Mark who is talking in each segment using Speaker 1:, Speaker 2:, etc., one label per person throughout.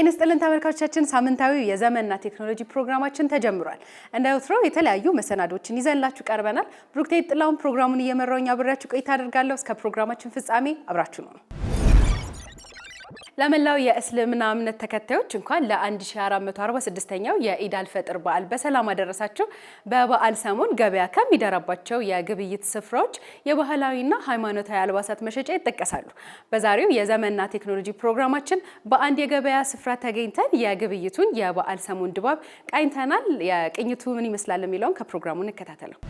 Speaker 1: ጤና ይስጥልን ተመልካቾቻችን፣ ሳምንታዊ የዘመንና ቴክኖሎጂ ፕሮግራማችን ተጀምሯል። እንደ ወትሮው የተለያዩ መሰናዶችን ይዘንላችሁ ቀርበናል። ብሩክቴት ጥላውን ፕሮግራሙን እየመራውኝ አብሬያችሁ ቆይታ አደርጋለሁ። እስከ ፕሮግራማችን ፍጻሜ አብራችሁ ነው። ለመላው የእስልምና እምነት ተከታዮች እንኳን ለ1446ኛው የኢድ አልፈጥር በዓል በሰላም አደረሳችሁ። በበዓል ሰሞን ገበያ ከሚደራባቸው የግብይት ስፍራዎች የባህላዊና ሃይማኖታዊ አልባሳት መሸጫ ይጠቀሳሉ። በዛሬው የዘመንና ቴክኖሎጂ ፕሮግራማችን በአንድ የገበያ ስፍራ ተገኝተን የግብይቱን የበዓል ሰሞን ድባብ ቃኝተናል። የቅኝቱ ምን ይመስላል የሚለውን ከፕሮግራሙ እንከታተለው።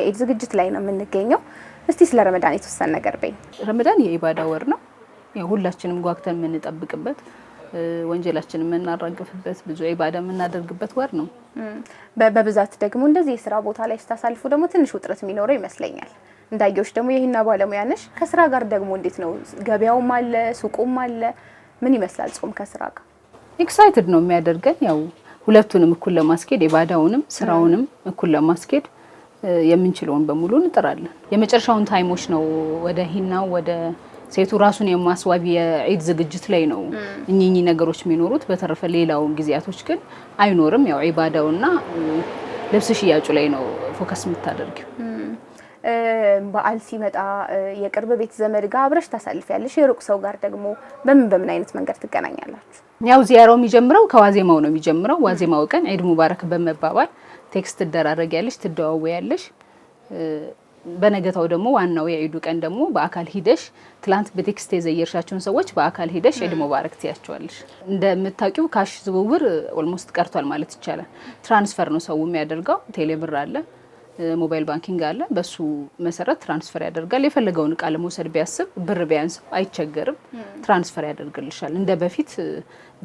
Speaker 1: የኢድ ዝግጅት ላይ ነው የምንገኘው። እስቲ ስለ ረመዳን የተወሰነ ነገር በይ።
Speaker 2: ረመዳን የኢባዳ ወር ነው። ሁላችንም ጓግተን የምንጠብቅበት ወንጀላችን የምናራግፍበት ብዙ ኢባዳ የምናደርግበት ወር ነው።
Speaker 1: በብዛት ደግሞ እንደዚህ የስራ ቦታ ላይ ስታሳልፉ ደግሞ ትንሽ ውጥረት የሚኖረው ይመስለኛል። እንዳየዎች ደግሞ ይህና ባለሙያ ነሽ። ከስራ ጋር ደግሞ እንዴት ነው? ገበያውም አለ፣ ሱቁም አለ። ምን ይመስላል ጾም ከስራ ጋር?
Speaker 2: ኤክሳይትድ ነው የሚያደርገን ያው ሁለቱንም እኩል ለማስኬድ ኢባዳውንም ስራውንም እኩል ለማስኬድ የምንችለውን በሙሉ እንጥራለን። የመጨረሻውን ታይሞች ነው ወደ ሂናው ወደ ሴቱ ራሱን የማስዋብ የዒድ ዝግጅት ላይ ነው እኚህ ነገሮች የሚኖሩት። በተረፈ ሌላው ጊዜያቶች ግን አይኖርም። ያው ዒባዳውና ልብስ ሽያጩ ላይ ነው ፎከስ የምታደርጊው።
Speaker 1: በዓል ሲመጣ የቅርብ ቤት ዘመድ ጋር አብረሽ ታሳልፊያለሽ። የሩቅ ሰው ጋር ደግሞ በምን በምን አይነት መንገድ ትገናኛላችሁ?
Speaker 2: ያው ዚያራው የሚጀምረው ከዋዜማው ነው የሚጀምረው። ዋዜማው ቀን ዒድ ሙባረክ በመባባል ቴክስት ትደራረግ ትደዋወ ያለሽ በነገታው ደግሞ ዋናው የዒዱ ቀን ደግሞ በአካል ሂደሽ ትላንት በቴክስት የዘየርሻቸውን ሰዎች በአካል ሂደሽ ዒድ ሙባረክ ትያቸዋለሽ። እንደምታውቂው ካሽ ዝውውር ኦልሞስት ቀርቷል ማለት ይቻላል። ትራንስፈር ነው ሰው የሚያደርገው። ቴሌብር አለ ሞባይል ባንኪንግ አለ። በሱ መሰረት ትራንስፈር ያደርጋል። የፈለገውን እቃ ለመውሰድ ቢያስብ ብር ቢያንስ አይቸገርም፣ ትራንስፈር ያደርግልሻል። እንደ በፊት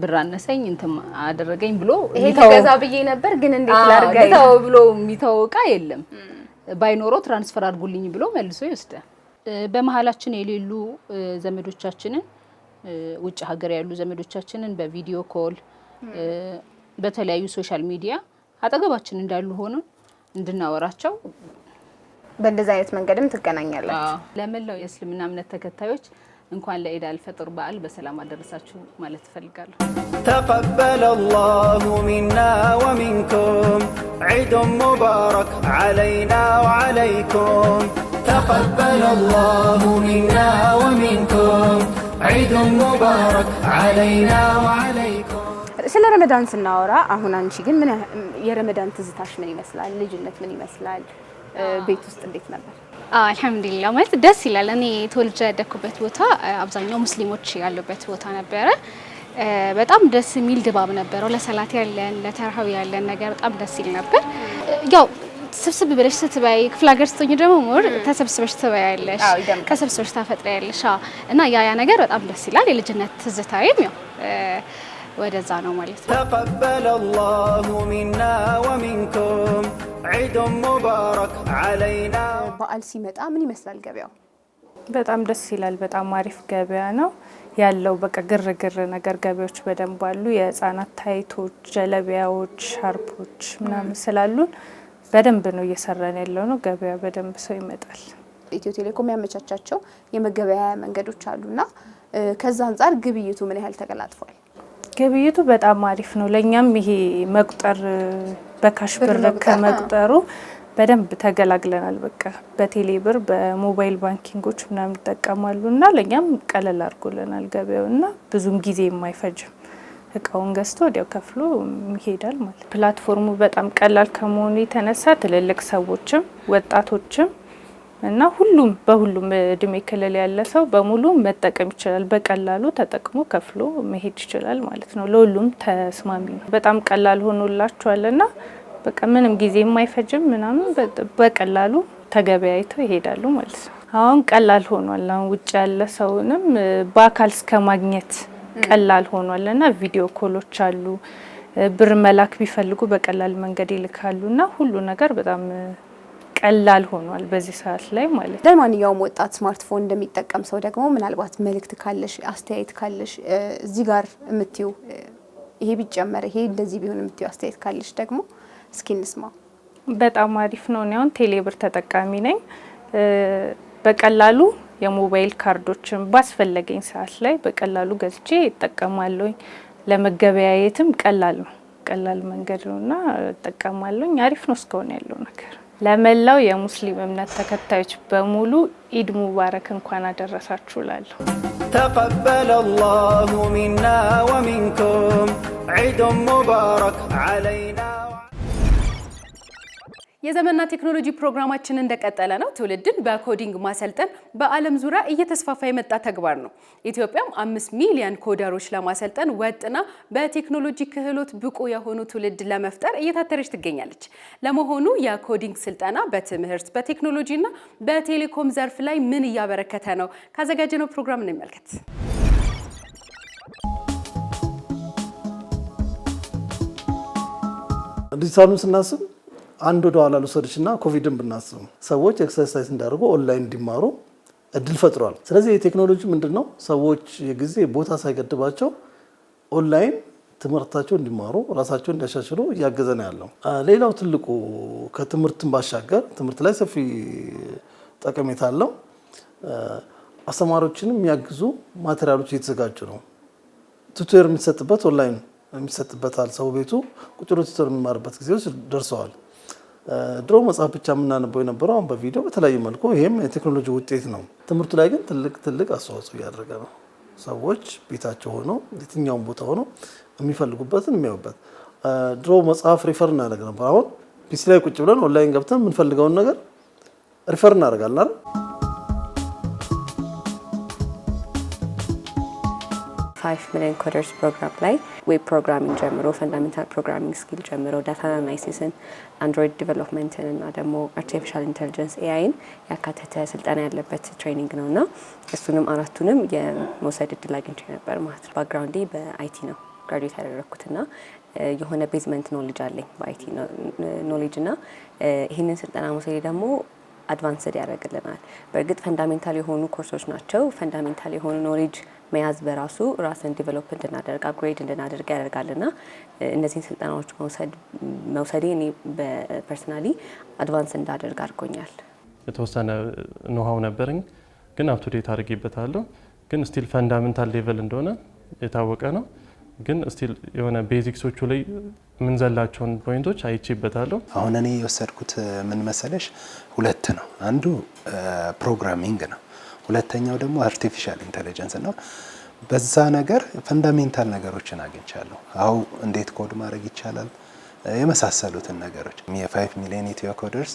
Speaker 2: ብር አነሰኝ እንትን አደረገኝ ብሎ
Speaker 1: ገዛ ብዬ ነበር ግን እንዴት
Speaker 2: ብሎ የሚተው እቃ የለም። ባይኖረው ትራንስፈር አድርጉልኝ ብሎ መልሶ ይወስዳል። በመሀላችን የሌሉ ዘመዶቻችንን ውጭ ሀገር ያሉ ዘመዶቻችንን በቪዲዮ ኮል በተለያዩ ሶሻል ሚዲያ አጠገባችን እንዳሉ ሆነው እንድናወራቸው
Speaker 1: በእንደዚ አይነት መንገድም ትገናኛላችሁ።
Speaker 2: ለመላው የእስልምና እምነት ተከታዮች እንኳን ለኢድ አልፈጥር በዓል በሰላም አደረሳችሁ ማለት ትፈልጋለሁ። ተቀበለ ላሁ ሚና ወሚንኩም ዒዱን ሙባረክ ዓለይና ወዓለይኩም
Speaker 1: ተቀበለ ላሁ ሚና ወሚንኩም ዒዱን ሙባረክ ዓለይና ወዓለይኩም። ስለ ረመዳን ስናወራ አሁን አንቺ ግን ምን የረመዳን ትዝታሽ ምን ይመስላል? ልጅነት ምን ይመስላል? ቤት ውስጥ እንዴት ነበር?
Speaker 3: አልሐምዱሊላ ማለት ደስ ይላል። እኔ ተወልጄ ያደኩበት ቦታ አብዛኛው ሙስሊሞች ያሉበት ቦታ ነበረ። በጣም ደስ የሚል ድባብ ነበረው። ለሰላት ያለን ለተርሃዊ ያለን ነገር በጣም ደስ ይል ነበር። ያው ስብስብ ብለሽ ስትበይ ክፍለ ሀገር ስትሆኚ ደግሞ ሞር ተሰብስበሽ ትበያለሽ፣ ተሰብስበሽ ታፈጥሪያለሽ እና ያ ያ ነገር በጣም ደስ ይላል። የልጅነት ትዝታዬም ያው ወደዛ ነው ማለት ነው። ተቀበለ ላሁ ሚና ወሚንኩም
Speaker 1: ዒዱን ሙባረክ ዓለይና። በዓል ሲመጣ ምን ይመስላል ገበያው?
Speaker 4: በጣም ደስ ይላል። በጣም አሪፍ ገበያ ነው ያለው። በቃ ግርግር ነገር ገበያዎች በደንብ አሉ። የህፃናት ታይቶች፣ ጀለቢያዎች፣ ሻርፖች ምናምን ስላሉን በደንብ ነው እየሰራን ያለው ነው። ገበያ በደንብ ሰው ይመጣል።
Speaker 1: ኢትዮ ቴሌኮም ያመቻቻቸው የመገበያያ መንገዶች አሉና ከዛ አንጻር ግብይቱ ምን ያህል ተቀላጥፏል?
Speaker 4: ግብይቱ በጣም አሪፍ ነው። ለእኛም ይሄ መቁጠር በካሽ ብር ከመቁጠሩ በደንብ ተገላግለናል። በቃ በቴሌ ብር በሞባይል ባንኪንጎች ምናምን ይጠቀማሉ እና ለእኛም ቀለል አድርጎልናል ገበያው እና ብዙም ጊዜ የማይፈጅም እቃውን ገዝቶ ወዲያው ከፍሎ ይሄዳል ማለት። ፕላትፎርሙ በጣም ቀላል ከመሆኑ የተነሳ ትልልቅ ሰዎችም ወጣቶችም እና ሁሉም በሁሉም እድሜ ክልል ያለ ሰው በሙሉ መጠቀም ይችላል። በቀላሉ ተጠቅሞ ከፍሎ መሄድ ይችላል ማለት ነው። ለሁሉም ተስማሚ ነው። በጣም ቀላል ሆኖላችኋል እና በቃ ምንም ጊዜ የማይፈጅም ምናምን በቀላሉ ተገበያይተው ይሄዳሉ ማለት ነው። አሁን ቀላል ሆኗል። አሁን ውጭ ያለ ሰውንም በአካል እስከ ማግኘት ቀላል ሆኗል እና ቪዲዮ ኮሎች አሉ። ብር መላክ ቢፈልጉ በቀላል መንገድ ይልካሉ እና ሁሉ ነገር በጣም ቀላል ሆኗል በዚህ ሰዓት ላይ ማለት
Speaker 1: ነው። ለማንኛውም ወጣት ስማርትፎን እንደሚጠቀም ሰው ደግሞ ምናልባት መልእክት ካለሽ አስተያየት ካለሽ እዚህ ጋር የምትዩ ይሄ ቢጨመር ይሄ እንደዚህ ቢሆን የምትዩ አስተያየት ካለሽ ደግሞ እስኪ እንስማ።
Speaker 4: በጣም አሪፍ ነው። እኔ አሁን ቴሌብር ተጠቃሚ ነኝ። በቀላሉ የሞባይል ካርዶችን ባስፈለገኝ ሰዓት ላይ በቀላሉ ገዝቼ ይጠቀማለኝ። ለመገበያየትም ቀላል ነው ቀላል መንገድ ነው እና አሪፍ ነው እስካሁን ያለው ነገር ለመላው የሙስሊም እምነት ተከታዮች በሙሉ ኢድ ሙባረክ እንኳን አደረሳችሁ እላለሁ። ተቀበለ አላሁ ሚና ወሚንኩም
Speaker 1: ዒድ ሙባረክ ዓለይና የዘመንና ቴክኖሎጂ ፕሮግራማችን እንደቀጠለ ነው። ትውልድን በኮዲንግ ማሰልጠን በዓለም ዙሪያ እየተስፋፋ የመጣ ተግባር ነው። ኢትዮጵያም አምስት ሚሊዮን ኮደሮች ለማሰልጠን ወጥና በቴክኖሎጂ ክህሎት ብቁ የሆኑ ትውልድ ለመፍጠር እየታተረች ትገኛለች። ለመሆኑ የኮዲንግ ስልጠና በትምህርት በቴክኖሎጂና በቴሌኮም ዘርፍ ላይ ምን እያበረከተ ነው? ካዘጋጀነው ፕሮግራም እንመልከት።
Speaker 5: ዲጂታሉን ስናስብ አንድ ወደ ኋላ ልውሰድሽ እና ኮቪድን ብናስብ ሰዎች ኤክሰርሳይዝ እንዳደርጉ ኦንላይን እንዲማሩ እድል ፈጥሯል። ስለዚህ የቴክኖሎጂ ምንድን ነው ሰዎች የጊዜ ቦታ ሳይገድባቸው ኦንላይን ትምህርታቸው እንዲማሩ ራሳቸው እንዲያሻሽሉ እያገዘ ነው ያለው። ሌላው ትልቁ ከትምህርትን ባሻገር ትምህርት ላይ ሰፊ ጠቀሜታ አለው። አስተማሪዎችንም የሚያግዙ ማቴሪያሎች እየተዘጋጁ ነው። ቱቶር የሚሰጥበት ኦንላይን የሚሰጥበታል። ሰው ቤቱ ቁጭሮ ቱቶር የሚማርበት ጊዜዎች ደርሰዋል። ድሮ መጽሐፍ ብቻ የምናነበው የነበረው አሁን በቪዲዮ በተለያዩ መልኩ ይህም የቴክኖሎጂ ውጤት ነው። ትምህርቱ ላይ ግን ትልቅ ትልቅ አስተዋጽኦ እያደረገ ነው። ሰዎች ቤታቸው ሆነው የትኛውን ቦታ ሆነው የሚፈልጉበትን የሚያዩበት። ድሮ መጽሐፍ ሪፈር እናደርግ ነበር። አሁን ፒሲ ላይ ቁጭ ብለን ኦንላይን ገብተን የምንፈልገውን ነገር ሪፈር እናደርጋለን።
Speaker 6: ፋይቭ ሚሊዮን ኮደርስ ፕሮግራም ላይ ዌብ ፕሮግራሚንግ ጀምሮ ፈንዳሜንታል ፕሮግራሚንግ ስኪል ጀምሮ ዳታ አናላይሲስን፣ አንድሮይድ ዲቨሎፕመንትን እና ደግሞ አርቲፊሻል ኢንቴሊጀንስ ኤአይን ያካተተ ስልጠና ያለበት ትሬኒንግ ነው እና እሱንም አራቱንም የመውሰድ እድል አግኝቼ ነበር ማለት ነው። ባክግራውንዴ በአይቲ ነው ግራጁዌት ያደረግኩትና የሆነ ቤዝመንት ኖሌጅ አለኝ በአይቲ ኖሌጅ እና ይህንን ስልጠና መውሰድ ደግሞ አድቫንስድ ያደርግልናል። በእርግጥ ፈንዳሜንታል የሆኑ ኮርሶች ናቸው። ፈንዳሜንታል የሆኑ ኖሌጅ መያዝ በራሱ ራስን ዲቨሎፕ እንድናደርግ አፕግሬድ እንድናደርግ ያደርጋልና እነዚህን ስልጠናዎች መውሰዴ እኔ በፐርሰናሊ አድቫንስ እንዳደርግ አድርጎኛል።
Speaker 7: የተወሰነ ኖሃው ነበረኝ፣ ግን አፕቱዴት አድርጌበታለሁ። ግን ስቲል ፈንዳሜንታል ሌቨል እንደሆነ የታወቀ ነው። ግን ስቲል የሆነ ቤዚክሶቹ ላይ የምንዘላቸውን ፖይንቶች አይቼበታለሁ።
Speaker 8: አሁን እኔ የወሰድኩት ምን መሰለሽ፣ ሁለት ነው። አንዱ ፕሮግራሚንግ ነው ሁለተኛው ደግሞ አርቲፊሻል ኢንቴሊጀንስ ነው። በዛ ነገር ፈንዳሜንታል ነገሮችን አግኝቻለሁ። አሁ እንዴት ኮድ ማድረግ ይቻላል የመሳሰሉትን ነገሮች የፋይቭ ሚሊዮን ኢትዮ ኮደርስ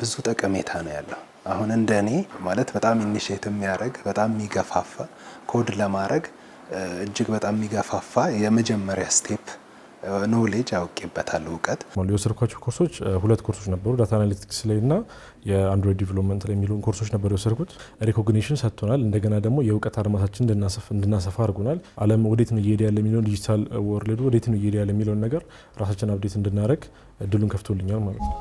Speaker 8: ብዙ ጠቀሜታ ነው ያለው። አሁን እንደ እኔ ማለት በጣም ኢኒሽት የሚያደርግ በጣም የሚገፋፋ ኮድ ለማድረግ እጅግ በጣም የሚገፋፋ የመጀመሪያ ስቴፕ ኖሌጅ አውቄበታለሁ እውቀት
Speaker 9: የወሰድኳቸው ኮርሶች ሁለት ኮርሶች ነበሩ፣ ዳታ አናሊቲክስ ላይ እና የአንድሮይድ ዲቨሎፕመንት ላይ የሚሉን ኮርሶች ነበሩ የወሰድኩት። ሪኮግኒሽን ሰጥቶናል። እንደገና ደግሞ የእውቀት አድማሳችን እንድናሰፋ አድርጎናል። አለም ወዴት ነው እየሄደ ያለ የሚለውን ዲጂታል ወርልዱ ወዴት ነው እየሄደ ያለ የሚለውን ነገር ራሳችን አብዴት እንድናደረግ እድሉን ከፍቶልኛል ማለት ነው።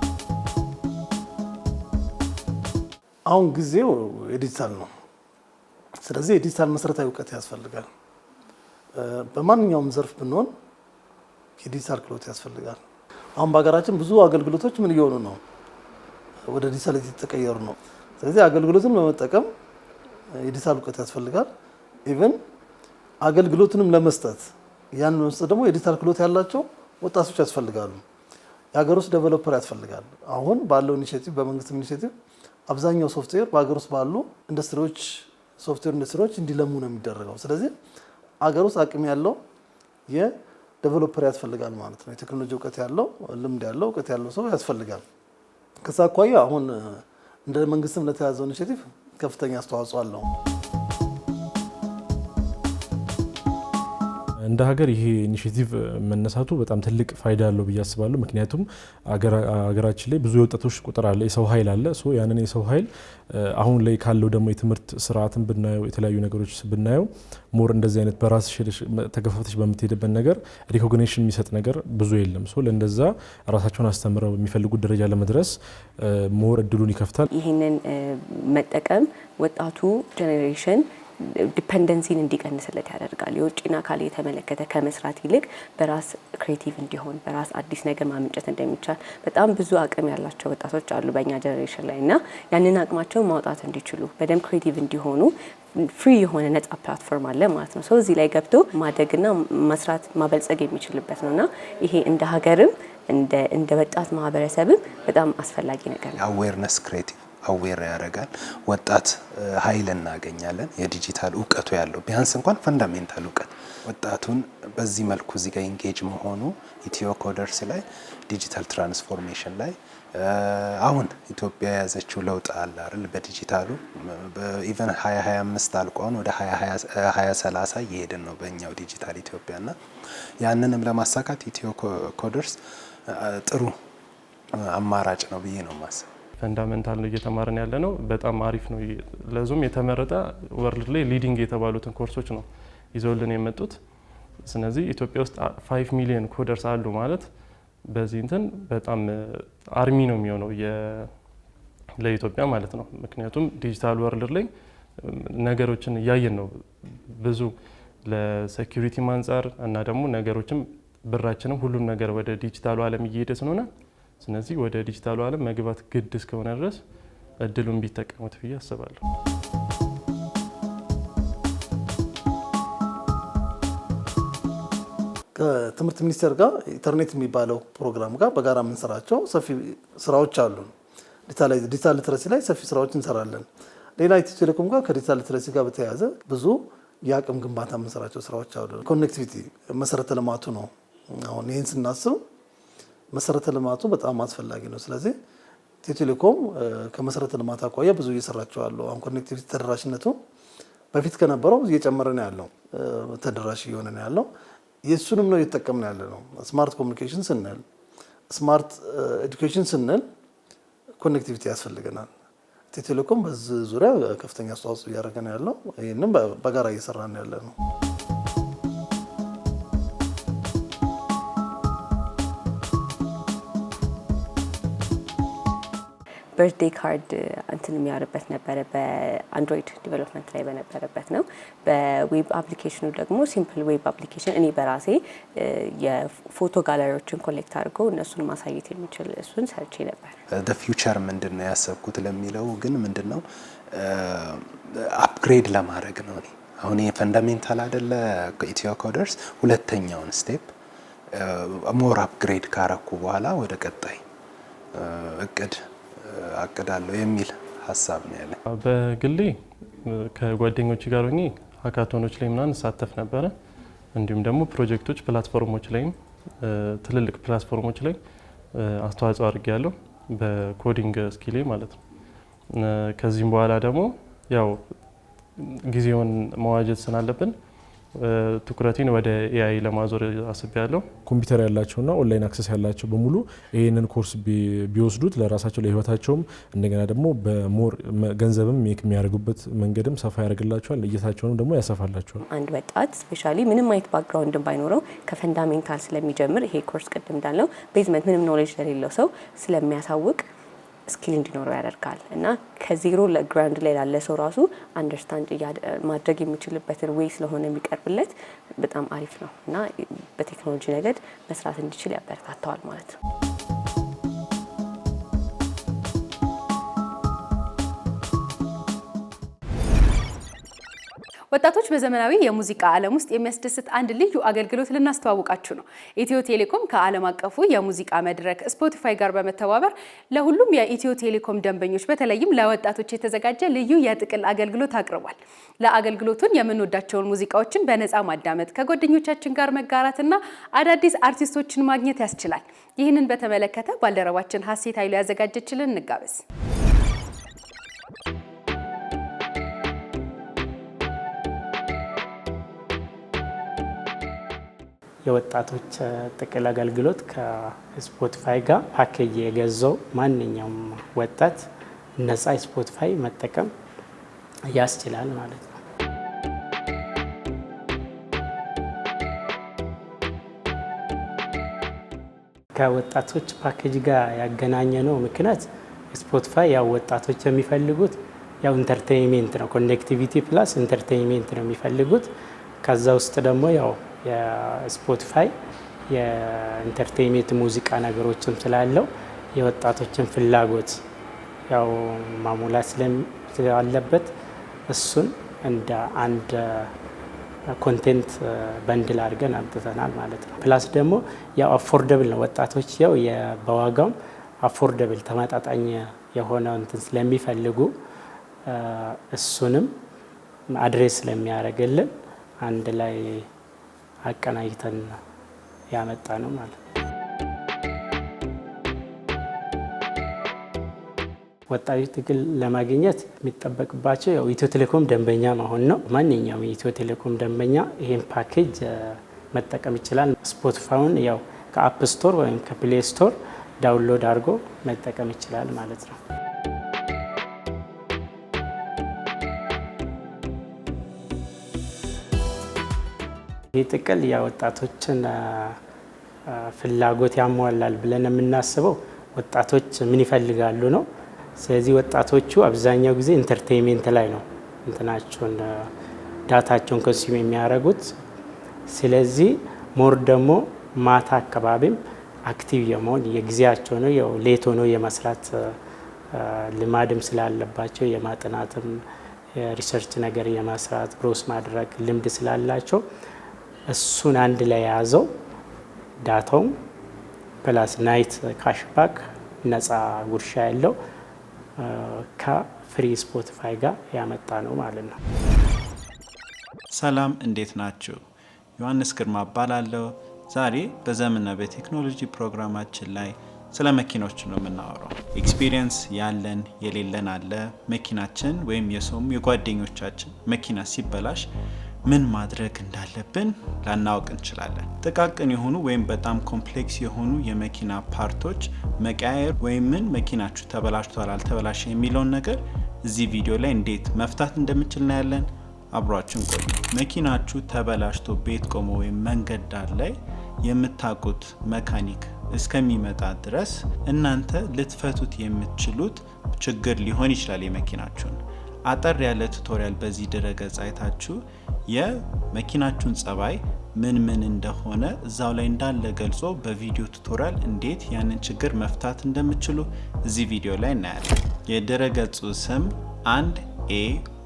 Speaker 5: አሁን ጊዜው የዲጂታል ነው። ስለዚህ የዲጂታል መሰረታዊ እውቀት ያስፈልጋል በማንኛውም ዘርፍ ብንሆን የዲጂታል ክህሎት ያስፈልጋል። አሁን በሀገራችን ብዙ አገልግሎቶች ምን እየሆኑ ነው? ወደ ዲጂታል እየተቀየሩ ነው። ስለዚህ አገልግሎትን በመጠቀም የዲጂታል እውቀት ያስፈልጋል። ኢቨን አገልግሎትንም ለመስጠት ያን ለመስጠት ደግሞ የዲጂታል ክህሎት ያላቸው ወጣቶች ያስፈልጋሉ። የሀገር ውስጥ ዴቨሎፐር ያስፈልጋል። አሁን ባለው ኢኒሼቲቭ፣ በመንግስት ኢኒሼቲቭ አብዛኛው ሶፍትዌር በሀገር ውስጥ ባሉ ኢንዱስትሪዎች ሶፍትዌር ኢንዱስትሪዎች እንዲለሙ ነው የሚደረገው። ስለዚህ አገር ውስጥ አቅም ያለው ዴቨሎፐር ያስፈልጋል ማለት ነው። የቴክኖሎጂ እውቀት ያለው ልምድ ያለው እውቀት ያለው ሰው ያስፈልጋል። ከዛ አኳያ አሁን እንደ መንግስትም ለተያዘው ኢኒሽቲቭ ከፍተኛ አስተዋጽኦ አለው።
Speaker 9: እንደ ሀገር ይሄ ኢኒሽቲቭ መነሳቱ በጣም ትልቅ ፋይዳ አለው ብዬ አስባለሁ። ምክንያቱም ሀገራችን ላይ ብዙ የወጣቶች ቁጥር አለ፣ የሰው ኃይል አለ። ሶ ያንን የሰው ኃይል አሁን ላይ ካለው ደግሞ የትምህርት ስርዓትን ብናየው የተለያዩ ነገሮች ብናየው ሞር እንደዚህ አይነት በራስ ተገፋፍተሽ በምትሄድበት ነገር ሪኮግኒሽን የሚሰጥ ነገር ብዙ የለም። ሶ ለእንደዛ ራሳቸውን አስተምረው የሚፈልጉት ደረጃ ለመድረስ ሞር እድሉን ይከፍታል።
Speaker 6: ይህንን መጠቀም ወጣቱ ጄኔሬሽን ዲፐንደንሲን እንዲቀንስለት ያደርጋል። የውጭን አካል የተመለከተ ከመስራት ይልቅ በራስ ክሬቲቭ እንዲሆን በራስ አዲስ ነገር ማመንጨት እንደሚቻል በጣም ብዙ አቅም ያላቸው ወጣቶች አሉ በእኛ ጀኔሬሽን ላይ እና ያንን አቅማቸውን ማውጣት እንዲችሉ በደንብ ክሬቲቭ እንዲሆኑ ፍሪ የሆነ ነጻ ፕላትፎርም አለ ማለት ነው። ሰው እዚህ ላይ ገብቶ ማደግና መስራት ማበልጸግ የሚችልበት ነው እና ይሄ እንደ ሀገርም እንደ ወጣት ማህበረሰብም በጣም አስፈላጊ ነገር
Speaker 8: ነው። አዌርነስ ክሬቲቭ አዌር ያደርጋል። ወጣት ኃይል እናገኛለን። የዲጂታል እውቀቱ ያለው ቢያንስ እንኳን ፈንዳሜንታል እውቀት ወጣቱን በዚህ መልኩ እዚህ ጋር ኢንጌጅ መሆኑ ኢትዮ ኮደርስ ላይ ዲጂታል ትራንስፎርሜሽን ላይ አሁን ኢትዮጵያ የያዘችው ለውጥ አለ አይደል? በዲጂታሉ ኢቨን 2025 አልቆ አሁን ወደ 2030 እየሄድን ነው በእኛው ዲጂታል ኢትዮጵያ እና ያንንም ለማሳካት ኢትዮ ኮደርስ ጥሩ አማራጭ ነው ብዬ ነው ማሰብ
Speaker 7: ፈንዳመንታል ነው እየተማርን ያለ ነው። በጣም አሪፍ ነው። ለዙም የተመረጠ ወርልድ ላይ ሊዲንግ የተባሉትን ኮርሶች ነው ይዘውልን የመጡት። ስለዚህ ኢትዮጵያ ውስጥ ፋይቭ ሚሊዮን ኮደርስ አሉ ማለት በዚህ እንትን በጣም አርሚ ነው የሚሆነው ለኢትዮጵያ ማለት ነው። ምክንያቱም ዲጂታል ወርልድ ላይ ነገሮችን እያየን ነው ብዙ ለሴኪሪቲም አንጻር እና ደግሞ ነገሮችም ብራችንም ሁሉም ነገር ወደ ዲጂታሉ ዓለም እየሄደ ስለሆነ ስለዚህ ወደ ዲጂታሉ ዓለም መግባት ግድ እስከሆነ ድረስ እድሉን ቢጠቀሙት ብዬ አስባለሁ።
Speaker 5: ከትምህርት ሚኒስቴር ጋር ኢንተርኔት የሚባለው ፕሮግራም ጋር በጋራ የምንሰራቸው ሰፊ ስራዎች አሉ። ዲጂታል ሊትረሲ ላይ ሰፊ ስራዎች እንሰራለን። ሌላ ኢትዮ ቴሌኮም ጋር ከዲጂታል ሊትረሲ ጋር በተያያዘ ብዙ የአቅም ግንባታ የምንሰራቸው ስራዎች አሉ። ኮኔክቲቪቲ መሰረተ ልማቱ ነው። አሁን ይህን ስናስብ መሰረተ ልማቱ በጣም አስፈላጊ ነው። ስለዚህ ኢትዮ ቴሌኮም ከመሰረተ ልማት አኳያ ብዙ እየሰራቸው አሉ። አሁን ኮኔክቲቪቲ ተደራሽነቱ በፊት ከነበረው እየጨመረ ነው ያለው፣ ተደራሽ እየሆነ ነው ያለው። የእሱንም ነው እየተጠቀምን ያለ ነው። ስማርት ኮሚኒኬሽን ስንል፣ ስማርት ኤዱኬሽን ስንል ኮኔክቲቪቲ ያስፈልገናል። ኢትዮ ቴሌኮም በዚህ ዙሪያ ከፍተኛ አስተዋጽኦ እያደረገ ነው ያለው። ይህንም በጋራ እየሰራ ነው ያለ ነው።
Speaker 6: በርዴ ካርድ እንትን የሚያወርበት ነበረ። በአንድሮይድ ዲቨሎፕመንት ላይ በነበረበት ነው። በዌብ አፕሊኬሽኑ ደግሞ ሲምፕል ዌብ አፕሊኬሽን እኔ በራሴ የፎቶ ጋለሪዎችን ኮሌክት አድርጎ እነሱን ማሳየት የሚችል እሱን ሰርቼ ነበር።
Speaker 8: ደ ፊውቸር ምንድን ነው ያሰብኩት ለሚለው ግን ምንድን ነው አፕግሬድ ለማድረግ ነው። እኔ አሁን ይሄ ፈንዳሜንታል አይደለ ኢትዮ ኮደርስ ሁለተኛውን ስቴፕ ሞር አፕግሬድ ካረኩ በኋላ ወደ ቀጣይ እቅድ አቅዳለሁ የሚል ሀሳብ ነው ያለ።
Speaker 7: በግሌ ከጓደኞች ጋር ሆኜ ሀካቶኖች ላይ ምናምን እሳተፍ ነበረ። እንዲሁም ደግሞ ፕሮጀክቶች፣ ፕላትፎርሞች ላይም ትልልቅ ፕላትፎርሞች ላይ አስተዋጽኦ ያለው በኮዲንግ ስኪሌ ማለት ነው። ከዚህም በኋላ ደግሞ ያው ጊዜውን መዋጀት ስናለብን። ትኩረቴን ወደ ኤአይ ለማዞር አስቤያለሁ።
Speaker 9: ኮምፒውተር ያላቸውና ኦንላይን አክሰስ ያላቸው በሙሉ ይህንን ኮርስ ቢወስዱት ለራሳቸው ለህይወታቸውም እንደገና ደግሞ በሞር ገንዘብም ሜክ የሚያደርጉበት መንገድም ሰፋ ያደርግላቸዋል፣ እይታቸውንም ደግሞ ያሰፋላቸዋል።
Speaker 6: አንድ ወጣት ስፔሻሊ ምንም አይነት ባክግራውንድ ባይኖረው ከፈንዳሜንታል ስለሚጀምር ይሄ ኮርስ ቅድም እንዳለው ቤዝመንት ምንም ኖሌጅ ለሌለው ሰው ስለሚያሳውቅ ስኪል እንዲኖረው ያደርጋል እና ከዜሮ ለግራንድ ላይ ላለ ሰው ራሱ አንደርስታንድ ማድረግ የሚችልበትን ወይ ስለሆነ የሚቀርብለት በጣም አሪፍ ነው እና በቴክኖሎጂ ነገድ መስራት እንዲችል ያበረታተዋል ማለት ነው።
Speaker 1: ወጣቶች በዘመናዊ የሙዚቃ ዓለም ውስጥ የሚያስደስት አንድ ልዩ አገልግሎት ልናስተዋውቃችሁ ነው። ኢትዮ ቴሌኮም ከዓለም አቀፉ የሙዚቃ መድረክ ስፖቲፋይ ጋር በመተባበር ለሁሉም የኢትዮ ቴሌኮም ደንበኞች በተለይም ለወጣቶች የተዘጋጀ ልዩ የጥቅል አገልግሎት አቅርቧል። ለአገልግሎቱን የምንወዳቸውን ሙዚቃዎችን በነፃ ማዳመጥ፣ ከጓደኞቻችን ጋር መጋራትና አዳዲስ አርቲስቶችን ማግኘት ያስችላል። ይህንን በተመለከተ ባልደረባችን ሀሴት ኃይሉ ያዘጋጀችልን እንጋበዝ።
Speaker 4: የወጣቶች ጥቅል አገልግሎት ከስፖቲፋይ ጋር ፓኬጅ የገዛው ማንኛውም ወጣት ነፃ ስፖቲፋይ መጠቀም ያስችላል ማለት ነው። ከወጣቶች ፓኬጅ ጋር ያገናኘ ነው ምክንያት ስፖቲፋይ ያው ወጣቶች የሚፈልጉት ያው ኢንተርቴንሜንት ነው። ኮኔክቲቪቲ ፕላስ ኢንተርቴንሜንት ነው የሚፈልጉት። ከዛ ውስጥ ደግሞ ያው የስፖቲፋይ የኢንተርቴንሜንት ሙዚቃ ነገሮችም ስላለው የወጣቶችን ፍላጎት ያው ማሙላት ስላለበት እሱን እንደ አንድ ኮንቴንት በንድል አድርገን አምጥተናል ማለት ነው። ፕላስ ደግሞ ያው አፎርደብል ነው ወጣቶች ያው በዋጋውም አፎርደብል ተመጣጣኝ የሆነው እንትን ስለሚፈልጉ እሱንም አድሬስ ስለሚያደርግልን አንድ ላይ አቀናጅተን ያመጣ ነው ማለት ነው። ወጣዊ ትግል ለማግኘት የሚጠበቅባቸው ያው ኢትዮ ቴሌኮም ደንበኛ መሆን ነው። ማንኛውም የኢትዮ ቴሌኮም ደንበኛ ይህን ፓኬጅ መጠቀም ይችላል። ስፖቲፋውን ያው ከአፕ ስቶር ወይም ከፕሌይ ስቶር ዳውንሎድ አድርጎ መጠቀም ይችላል ማለት ነው። ይህ ጥቅል የወጣቶችን ፍላጎት ያሟላል ብለን የምናስበው ወጣቶች ምን ይፈልጋሉ ነው። ስለዚህ ወጣቶቹ አብዛኛው ጊዜ ኢንተርቴንሜንት ላይ ነው እንትናቸውን ዳታቸውን ኮንሱም የሚያደርጉት። ስለዚህ ሞር ደግሞ ማታ አካባቢም አክቲቭ የመሆን የጊዜያቸው ነው ያው ሌት ሆኖ የመስራት ልማድም ስላለባቸው የማጥናትም ሪሰርች ነገር የመስራት ብሮስ ማድረግ ልምድ ስላላቸው እሱን አንድ ላይ የያዘው ዳታውም ፕላስ ናይት ካሽባክ ነፃ ጉርሻ ያለው ከፍሪ ስፖቲፋይ ጋር ያመጣ ነው ማለት ነው።
Speaker 10: ሰላም እንዴት ናችሁ? ዮሐንስ ግርማ እባላለሁ። ዛሬ በዘመንና በቴክኖሎጂ ፕሮግራማችን ላይ ስለ መኪኖች ነው የምናወራው። ኤክስፒሪየንስ ያለን የሌለን አለ። መኪናችን ወይም የሰውም የጓደኞቻችን መኪና ሲበላሽ ምን ማድረግ እንዳለብን ላናውቅ እንችላለን። ጥቃቅን የሆኑ ወይም በጣም ኮምፕሌክስ የሆኑ የመኪና ፓርቶች መቀያየር ወይም ምን መኪናችሁ ተበላሽቷል አልተበላሸ የሚለውን ነገር እዚህ ቪዲዮ ላይ እንዴት መፍታት እንደምችል እናያለን። አብሯችን ቆዩ። መኪናችሁ ተበላሽቶ ቤት ቆሞ ወይም መንገድ ዳር ላይ የምታውቁት መካኒክ እስከሚመጣ ድረስ እናንተ ልትፈቱት የምትችሉት ችግር ሊሆን ይችላል የመኪናችሁን አጠር ያለ ቱቶሪያል በዚህ ድረገጽ አይታችሁ የመኪናችሁን ጸባይ ምን ምን እንደሆነ እዛው ላይ እንዳለ ገልጾ በቪዲዮ ቱቶሪያል እንዴት ያንን ችግር መፍታት እንደምችሉ እዚህ ቪዲዮ ላይ እናያለን። የድረገጹ ስም አንድ ኤ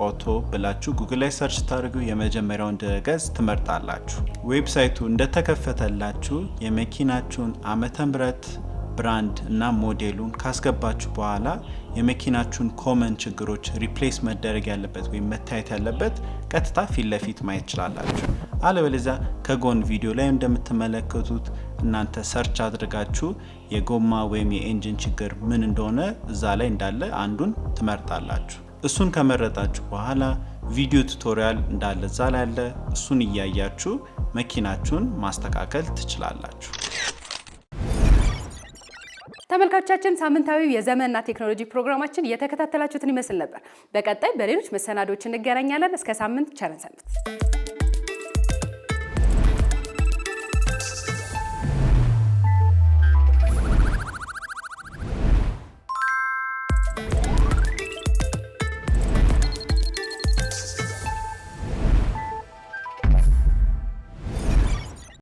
Speaker 10: ኦቶ ብላችሁ ጉግል ላይ ሰርች ታደርጉ የመጀመሪያውን ድረገጽ ትመርጣላችሁ። ዌብሳይቱ እንደተከፈተላችሁ የመኪናችሁን አመተ ምሕረት ብራንድ እና ሞዴሉን ካስገባችሁ በኋላ የመኪናችሁን ኮመን ችግሮች ሪፕሌስ መደረግ ያለበት ወይም መታየት ያለበት ቀጥታ ፊት ለፊት ማየት ትችላላችሁ። አለበለዚያ ከጎን ቪዲዮ ላይ እንደምትመለከቱት እናንተ ሰርች አድርጋችሁ የጎማ ወይም የኤንጂን ችግር ምን እንደሆነ እዛ ላይ እንዳለ አንዱን ትመርጣላችሁ። እሱን ከመረጣችሁ በኋላ ቪዲዮ ቱቶሪያል እንዳለ እዛ ላይ አለ። እሱን እያያችሁ መኪናችሁን ማስተካከል ትችላላችሁ።
Speaker 1: ተመልካቾቻችን ሳምንታዊ የዘመንና ቴክኖሎጂ ፕሮግራማችን እየተከታተላችሁትን ይመስል ነበር። በቀጣይ በሌሎች መሰናዶዎች እንገናኛለን። እስከ ሳምንት ቸረን ሰንብት።